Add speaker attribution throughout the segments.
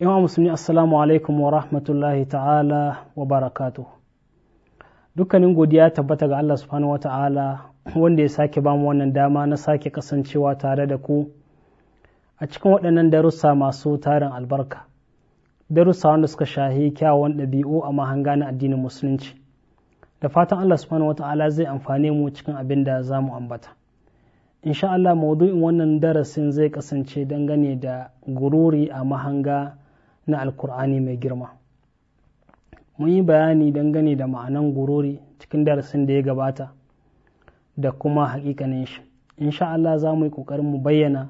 Speaker 1: yawan musulmi assalamu alaikum wa rahmatullahi ta'ala wa barakatu dukkanin godiya tabbata ga Allah subhanahu wa ta'ala wanda ya sake bamu wannan dama na sake kasancewa tare da ku a cikin waɗannan darussa masu tarin albarka darussa wanda suka shahi kyawun ɗabi'u a mahanga na addinin musulunci da fatan Allah subhanahu wa ta'ala zai amfane mu cikin abin da za mu ambata insha Allah maudu'in wannan darasin zai kasance dangane da gururi a mahanga na alkur'ani mai girma mun yi bayani dangane da ma'anan gururi cikin darasin da ya gabata da kuma hakikanin shi sha Allah za mu yi ƙoƙarin mu bayyana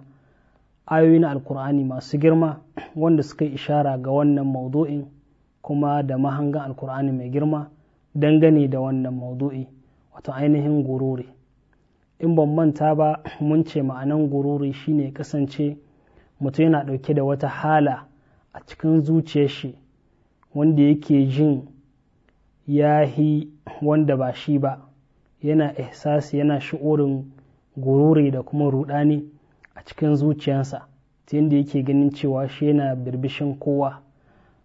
Speaker 1: ayoyi na alkur'ani masu girma wanda suka yi ishara ga wannan maudu'in kuma da mahangan alkur'ani mai girma dangane da wannan maudu'i wato ainihin gururi in ban manta ba mun ce ma'anan gururi shine kasance mutum yana ɗauke da wata hala a cikin zuciyar shi wanda yake jin yahi wanda ba shi ba yana ihsasi yana shi'urin gurure da kuma rudani a cikin zuciyarsa ta yadda yake ganin cewa shi yana birbishin kowa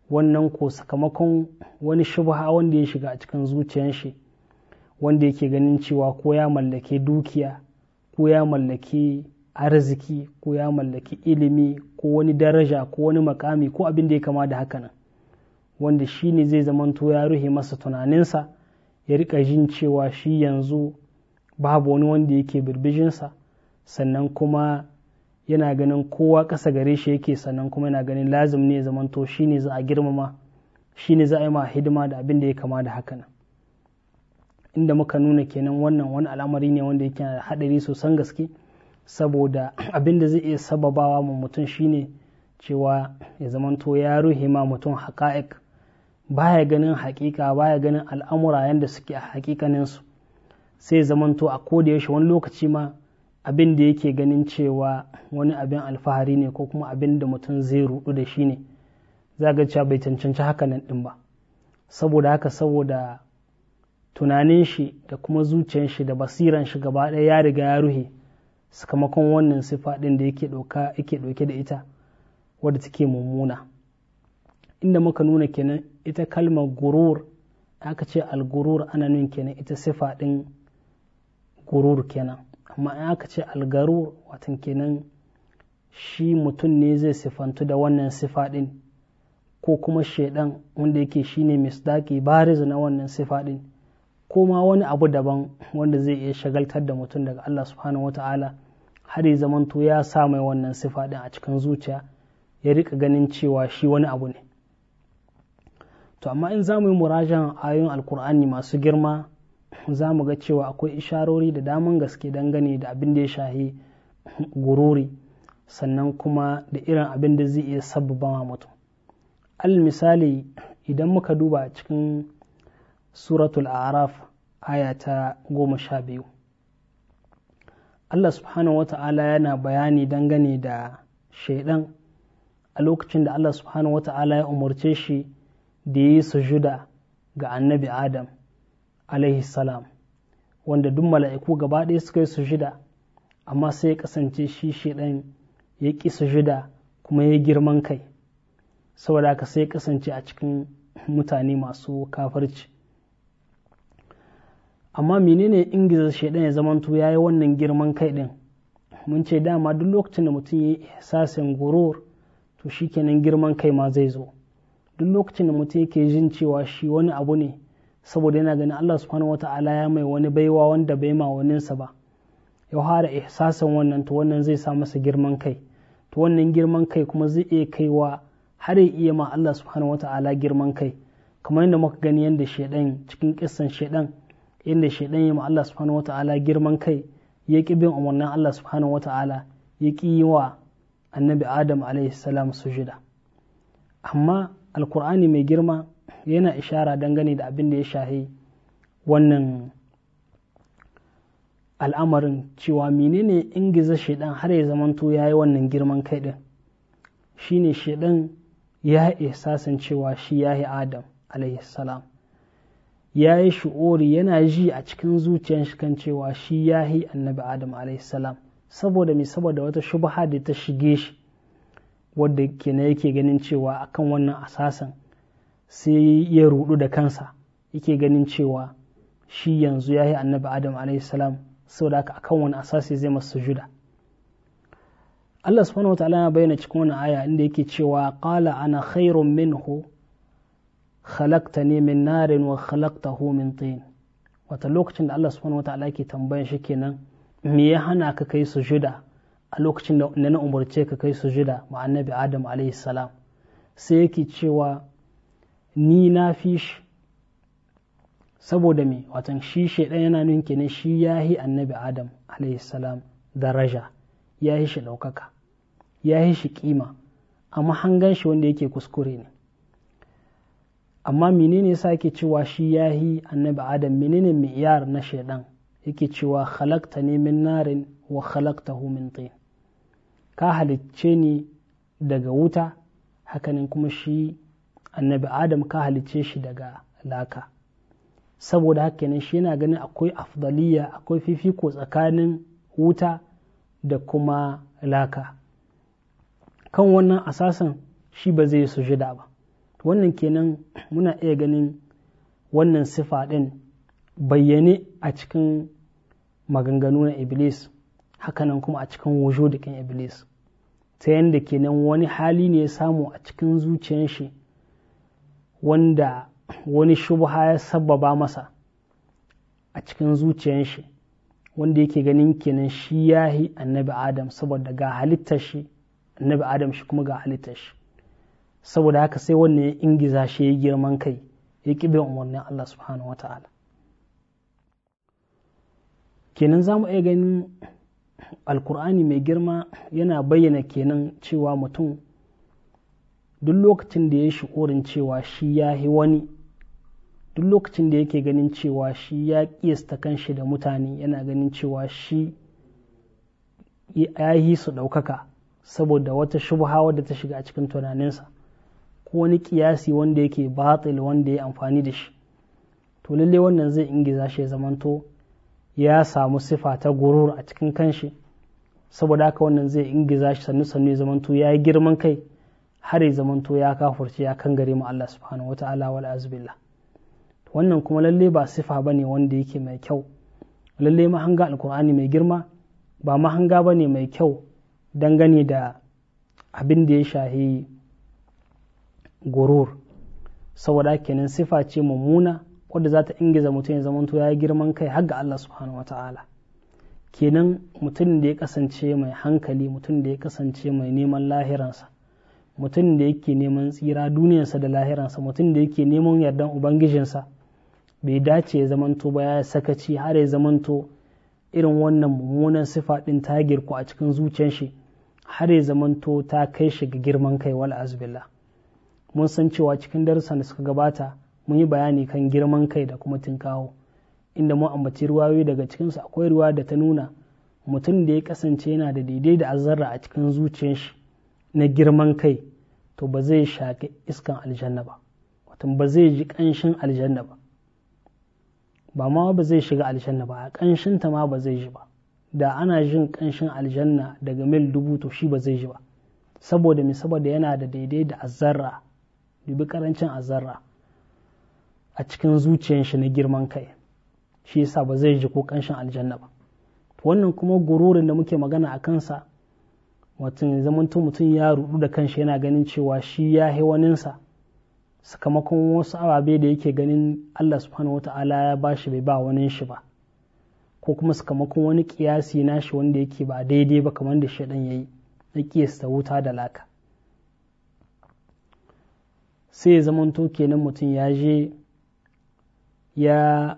Speaker 1: wannan ko sakamakon wani shubha wanda ya shiga a cikin zuciyar shi wanda yake ganin cewa ko ya mallake dukiya ko ya mallake arziki ko ya mallaki ilimi ko wani daraja ko wani makami ko abin da ya kama da hakanan wanda shi ne zai zamanto ya ruhe masa tunaninsa ya rika jin cewa shi yanzu babu wani wanda yake birbijinsa sannan kuma yana ganin kowa ƙasa gare shi yake sannan kuma yana ganin lazim ne zamanto shi ne za a girmama shi ne za a yi ma hidima da abin da ya kama da haka nan inda muka nuna kenan wannan wani al'amari ne wanda yake da haɗari sosan gaske saboda abin da zai iya sababawa mu mutum shine cewa ya zamanto ya ruhe ma mutum haƙa'iƙ baya ganin haƙiƙa baya ganin al'amura yadda suke a haƙiƙaninsu sai ya zamanto a koda yaushe wani lokaci ma abin da yake ganin cewa wani abin alfahari ne ko kuma abin da mutum zai rudu da shi ne za ga cewa bai cancanci haka nan ɗin ba saboda haka saboda tunanin shi da kuma zuciyar shi da basiran shi gaba ɗaya ya riga ya ruhe sakamakon wannan sifa ɗin da yake ɗauke da ita wadda take mummuna inda muka nuna kenan ita kalmar gurur aka ce algurur ana nuna kenan ita sifa ɗin gurur kenan amma in aka ce algarur watan kenan shi mutum ne zai sifantu da wannan sifa ɗin ko kuma shaidan wanda yake shine misdaki bariz na wannan sifa ɗin ko ma wani abu daban wanda zai iya shagaltar da mutum daga Allah subhanahu wata'ala har ya zamanto ya sa mai wannan sifa din a cikin zuciya ya rika ganin cewa shi wani abu ne to amma in za mu yi murajan ayoyin alkur'ani masu girma za mu ga cewa akwai isharori da daman gaske dangane da abin da ya shahi gururi sannan kuma da irin abin da zai iya sabba ma mutum al misali idan muka duba cikin suratul araf aya ta goma sha biyu Allah subhanahu wata'ala yana bayani dangane da shaidan a lokacin da Allah subhanahu wata'ala ya umarce shi da yi sujuda ga annabi Adam alaihi salam wanda duk mala'iku gaba ɗaya suka yi sujuda amma sai ya kasance shi shaidan ya ƙi sujuda kuma ya girman kai saboda haka sai ya kasance a cikin mutane masu kafarci amma menene ingiza shaidan ya zamanto ya yi wannan girman kai din mun ce dama duk lokacin da mutum ya yi ihsasin gurur to shikenan girman kai ma zai zo duk lokacin da mutum yake jin cewa shi wani abu ne saboda yana ganin Allah subhanahu wata'ala ya mai wani baiwa wanda bai ma waninsa ba ya fara ihsasin wannan to wannan zai sa masa girman kai to wannan girman kai kuma zai iya kaiwa har ya iya ma Allah subhanahu wata'ala girman kai kamar yadda muka gani yadda shaidan cikin kissan shaidan inda ɗan ya ma Allah subhanahu wata'ala girman kai ya ƙi bin umarnin Allah subhanahu wata'ala ya ƙi yi wa annabi Adam alaihi salam sujida amma alkur'ani mai girma yana ishara dangane da abin da ya shahi wannan al'amarin cewa menene ingiza shaidan har ya zamanto ya yi wannan girman kai ɗin shine shaidan ya ihsasin cewa shi ya yi adam alaihi salam ya yi shi'ori yana ji a cikin zuciyar shi kan cewa shi ya yi annabi adam salam saboda mai saboda wata shubha da ta shige shi wadda kenan yake ganin cewa akan wannan asasan sai ya rudu da kansa yake ganin cewa shi yanzu ya yi annabi adam salam saboda haka akan wani asasi zai masu juda. Allah subhanahu wa ta'ala ya bayyana cikin wannan aya inda yake cewa qala ana khairun minhu khalaqtani min narin wa khalaqtahu min tin wata lokacin da Allah subhanahu wataala ke tambayan shi kenan me ya hana ka kai sujuda a lokacin da na umarce ka kai sujuda ma annabi Adam alayhi salam sai yake cewa ni na fi shi saboda me watan shi dan yana nun kenan shi yahi annabi Adam alayhi salam daraja yahi shi ɗaukaka yahi shi kima amma hangan shi wanda yake kuskure ne amma menene yasa yake cewa shi yahi annabi adam menene mi'yar na shaidan yake cewa khalaqta ne min narin wa khalaqtahu min tin ka halicce ni daga wuta hakanin kuma shi annabi adam ka halicce shi daga laka saboda haka ne shi yana ganin akwai afdaliya akwai fifiko tsakanin wuta da kuma laka kan wannan asasan shi ba zai sujada ba wannan kenan muna iya ganin wannan sifa ɗin bayyane a cikin maganganu na iblis hakanan kuma a cikin wujudikin iblis ta yadda kenan wani hali ne ya samu a cikin zuciyar shi wanda wani shubha ya sababa masa a cikin zuciyar shi wanda yake ganin kenan shi yahi annabi adam saboda ga halittar shi annabi adam shi kuma ga halittar shi saboda haka sai wanne ya ingiza shi ya girman kai ya ƙi umarnin Allah subhanahu wa ta'ala kenan za mu iya ganin alkur'ani mai girma yana bayyana kenan cewa mutum duk lokacin da ya orin cewa shi ya yi wani duk lokacin da yake ganin cewa shi ya kiyasta kan shi da mutane yana ganin cewa shi ya yi su ɗaukaka saboda wata shubha da ta shiga a cikin tunaninsa wani kiyasi wanda yake batil wanda ya amfani da shi to lalle wannan zai ingiza shi ya zamanto ya samu sifa ta gurur a cikin kanshi saboda haka wannan zai ingiza shi sannu sannu ya zamanto ya yi girman kai har ya zamanto ya kafurci ya gare mu Allah subhanahu wata'ala wal to wannan kuma lalle ba sifa bane wanda yake mai kyau lalle mahanga alkur'ani mai girma ba mahanga bane mai kyau dangane da abin da ya shahi gurur saboda kenan sifa ce mummuna wadda za ta ingiza mutum ya zamanto ya yi girman kai har ga Allah subhanahu wata'ala kenan mutum da ya kasance mai hankali mutum da ya kasance mai neman lahiransa mutum da yake neman tsira duniyarsa da lahiransa mutum da yake neman yardan ubangijinsa bai dace ya zamanto ba ya sakaci har ya zamanto irin wannan mummunan sifa din ta girku a cikin zuciyar shi har ya zamanto ta kai shi ga girman kai wal azbillah mun san cewa cikin darussan da suka gabata mun yi bayani kan girman kai da kuma tinkawo inda mun ambaci ruwayoyi daga cikinsu akwai ruwa da ta nuna mutum da ya kasance yana da daidai da azarra a cikin zuciyar shi na girman kai to ba zai shaƙi iskan aljanna ba watan ba zai ji ƙanshin aljanna ba ba ma ba zai shiga aljanna ba a ƙanshin ta ma ba zai ji ba da ana jin ƙanshin aljanna daga mil dubu to shi ba zai ji ba saboda mi saboda yana da daidai da azarra dubi karancin azara a cikin zuciyan shi na girman kai shi yasa ba zai ji ko kanshin aljanna ba wannan kuma gururin da muke magana a kansa mutum tun mutum ya rudu da kanshi yana ganin cewa shi ya hewaninsa sakamakon wasu ababe da yake ganin Allah subhanahu wata'ala ya bashi bai ba wanin shi ba ko kuma sakamakon wani kiyasi nashi wanda yake ba daidai ba kamar da shaɗan ya yi na kiyasta wuta da laka sai zamanto kenan mutum ya je ya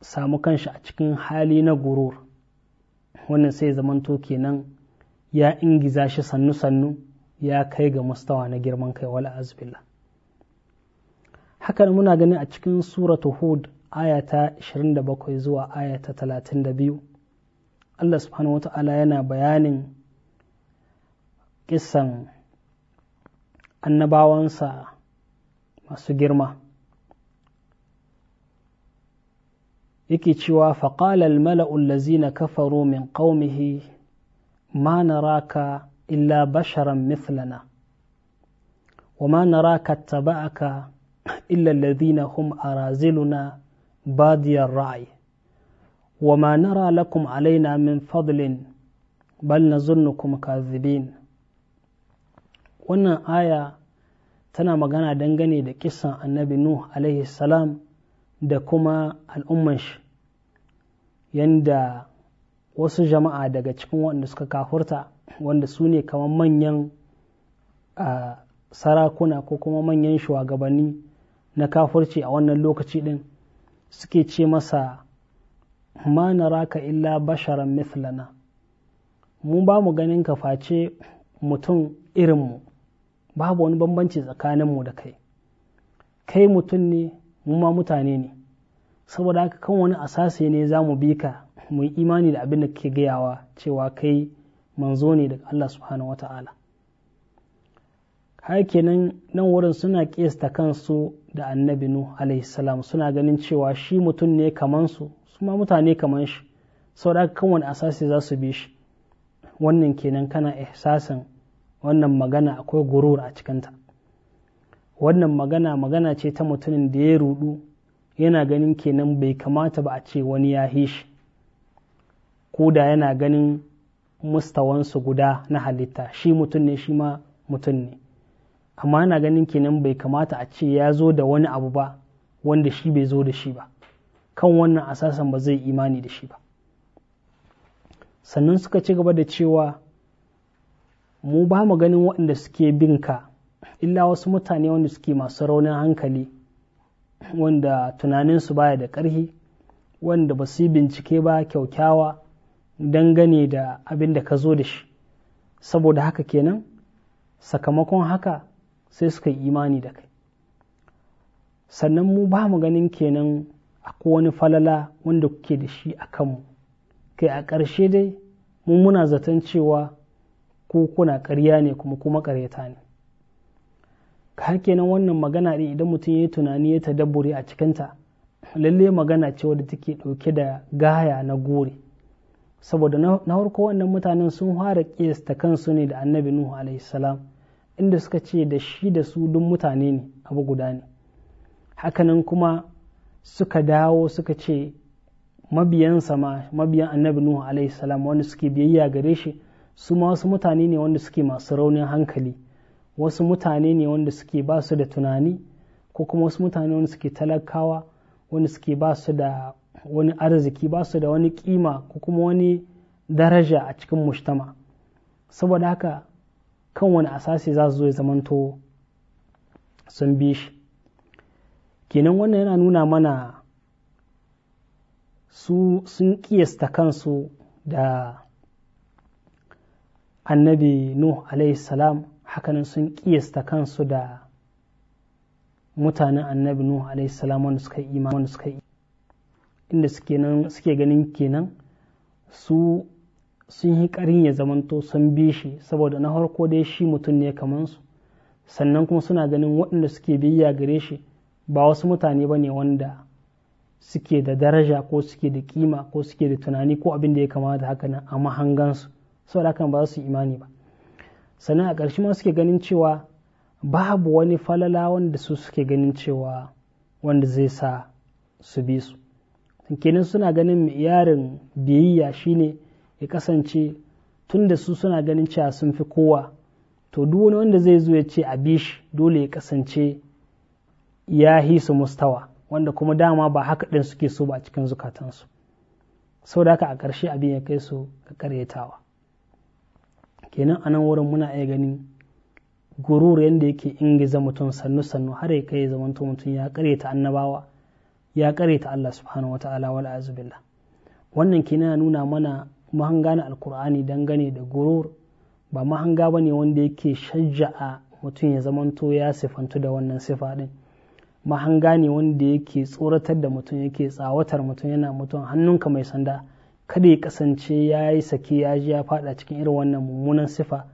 Speaker 1: samu kanshi a cikin hali na gurur wannan sai zamanto kenan ya ingiza shi sannu-sannu ya kai ga mustawa na girman kai wala azbillah hakan muna ganin a cikin suratu hud ayata 27 zuwa ayata 32 Allah subhanahu wa ta'ala yana bayanin kisan annabawansa masu girma yake cewa faƙalal mala'ul lazina kafaru min ƙaumihi ma raka illa basharan mithlana wa ma naraka taba'aka illa lazina hum araziluna badiyar ra'ayi wa ma nara lakum alaina min fadlin bal na zunnukum kazibin wannan aya tana magana dangane da kisan annabi nuh alaihi salam da kuma al'umman shi yanda wasu jama'a daga cikin waɗanda suka kafurta wanda su ne kamar manyan sarakuna ko kuma manyan shugabanni na kafurci a wannan lokaci ɗin suke ce masa ma raka illa basharan mithlana mu ba mu ganin ka face mutum irinmu babu wani bambanci tsakaninmu da kai kai mutum ne mu ma mutane ne saboda haka kan wani asasi ne za mu bi ka mu yi imani da abin da kake gayawa cewa kai manzo ne daga Allah subhanahu wata'ala haka kenan nan wurin suna kiyasta kansu da annabi nu salam suna ganin cewa shi mutum ne kaman su su ma mutane kaman shi saboda haka kan wani asasi za su bi shi wannan kenan kana ihsasin wannan magana akwai gurur a cikinta wannan magana magana ce ta mutumin da ya rudu yana ganin kenan bai kamata ba a ce wani ya hishi ko da yana ganin mustawansu guda na halitta shi mutum ne shi ma mutum ne amma yana ganin kenan bai kamata a ce ya zo da wani abu ba wanda shi bai zo da shi ba kan wannan asasan ba zai imani da shi ba sannan suka ci gaba da cewa mu ba mu ganin waɗanda suke bin ka illa wasu mutane wanda suke masu raunin hankali wanda tunaninsu baya da ƙarfi wanda ba su yi bincike ba kyaukyawa dangane da abin da ka zo da shi saboda haka kenan sakamakon haka sai suka yi imani da kai sannan mu ba mu ganin kenan akwai wani falala wanda kuke da shi a kanmu kai a ƙarshe dai mun muna zaton cewa ko kuna ƙarya ne kuma kuma ƙaryata ne har kenan wannan magana ɗin idan mutum ya yi tunani ya tadabbure a cikinta lalle magana ce wadda take ɗauke da gaya na gori saboda na farko wannan mutanen sun fara ƙiyasta kansu ne da annabi nuhu alaihissalam inda suka ce da shi da su duk mutane ne abu guda ne hakanan kuma suka dawo suka ce mabiyansa ma mabiyan annabi nuhu alaihissalam wani suke biyayya gare shi su ma wasu mutane ne wanda suke masu raunin hankali wasu mutane ne wanda suke ba su da tunani ko kuma wasu mutane wanda suke talakawa wanda suke ba su da wani arziki ba su da wani kima ko kuma wani daraja a cikin mushtama. saboda haka kan wani asasi za su zo ya zamanto sun bi shi kenan wannan yana nuna mana su sun kiyasta kansu da annabi nuh salam hakanan sun kiyasta kansu da mutanen annabi nuh salam wanda suka yi imani suka yi inda suke ganin kenan su sun yi karin ya zamanto sun bi shi saboda na harko dai shi mutum ne kamansu sannan kuma suna ganin waɗanda suke biyayya gare shi ba wasu mutane ba ne wanda suke da daraja ko suke da kima ko suke da tunani ko abin da ya kamata haka nan a mahangansu saboda hakan ba su imani ba sannan a ƙarshe ma suke ganin cewa babu wani falala wanda su suke ganin cewa wanda zai sa su bi su kenan suna ganin yarin biyayya shine ya kasance tun da su suna ganin cewa sun fi kowa to duk wani wanda zai zo ya ce a bi shi dole ya kasance ya hisu mustawa wanda kuma dama ba haka ɗin suke so ba cikin zukatansu sau da haka a ƙarshe abin ya kai su ga ƙaryatawa kenan a nan wurin muna iya ganin gurur yadda yake ingiza mutum sannu sannu har ya kai zaman mutum ya ta annabawa ya ta Allah subhanahu wa ta'ala wal billah wannan kenan nuna mana mahanga na alkur'ani dangane da gurur ba mahanga bane wanda yake shajja'a mutum ya zamanto ya sifantu da wannan sifa din mahanga ne wanda yake tsoratar da mutum yake tsawatar mutum yana mutum hannunka mai sanda kada ya kasance ya yi sake ya ji ya fada cikin irin wannan mummunan sifa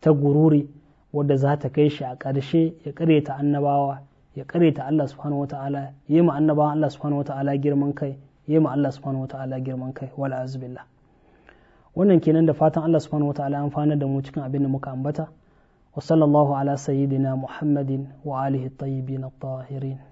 Speaker 1: ta gururi wadda za ta kai shi a ƙarshe ya ƙareta annabawa ya ƙareta Allah subhanahu wata'ala yi ma annabawa Allah subhanahu wata'ala girman kai yi ma Allah subhanahu wata'ala girman kai wala azbillah wannan kenan da fatan Allah subhanahu wata'ala an fana da mu cikin abin da muka ambata wa sallallahu ala sayyidina muhammadin wa alihi tayyibin at-tahirin